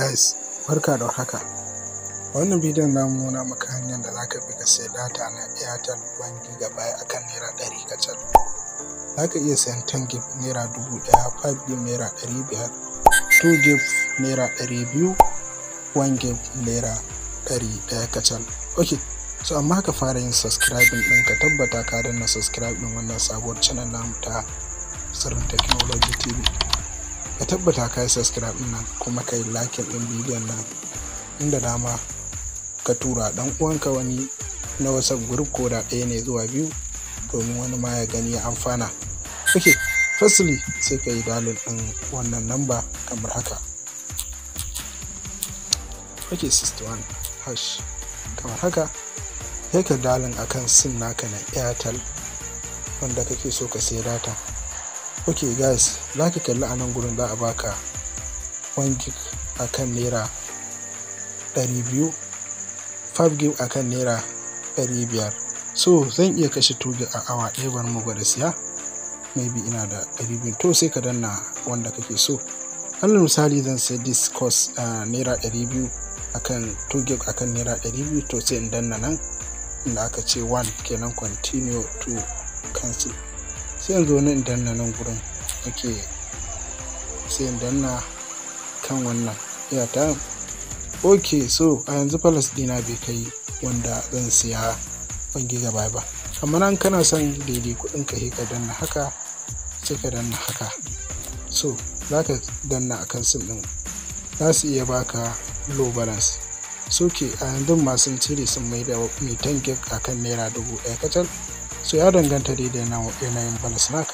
Guys, barka da haka. wannan bidiyon na nuna maka hanyar da zaka bi ka sayi data na Airtel 1 GB akan naira ɗari kacal. Zaka iya sayan 10 gig naira dubu ɗaya, 5 gig naira ɗari biyar, 2 gig naira ɗari biyu, 1 gig naira ɗari ɗaya kacal. okay so amma ka fara yin subscribing ɗin ka tabbata ka danna subscribe ɗin wannan sabuwar channel namu ta Sirrin Technology TV. ka tabbata ka yi subscribe nan kuma ka yi lakin din bidiyon nan inda dama ka tura dan uwanka wani na whatsapp group ko da ɗaya ne zuwa biyu domin wani ma ya gani ya amfana ok firstly sai ka yi dalil din wannan namba kamar haka ok 61 hash kamar haka sai ka dalin akan sin naka na airtel wanda kake so ka sai data ok guys za ka kalli a nan gurin za a baka 1 gig a kan naira 200 5 gig a kan naira 500 so zan iya kashe 2 gig a awa ɗaya bar mu gwada siya maybe ina da 200 to sai ka danna wanda kake so allah misali zan sai this cost uh, naira 200 kan 2 gig kan naira 200 to sai in danna nan inda aka ce 1 kenan continue to cancel sai yanzu zo nan danna nan gurin ake sai in danna kan wannan ya ta ok so a yanzu falas dina bai kai wanda zan siya ban gaba ba amma nan kana son daidai kudin ka ka danna haka sai ka danna haka so za ka danna a kan sim din za su iya baka low balance so ke a yanzu masu cire sun mai da mai 10 akan naira dubu ɗaya kacal So ya danganta dai da yanayin balas naka.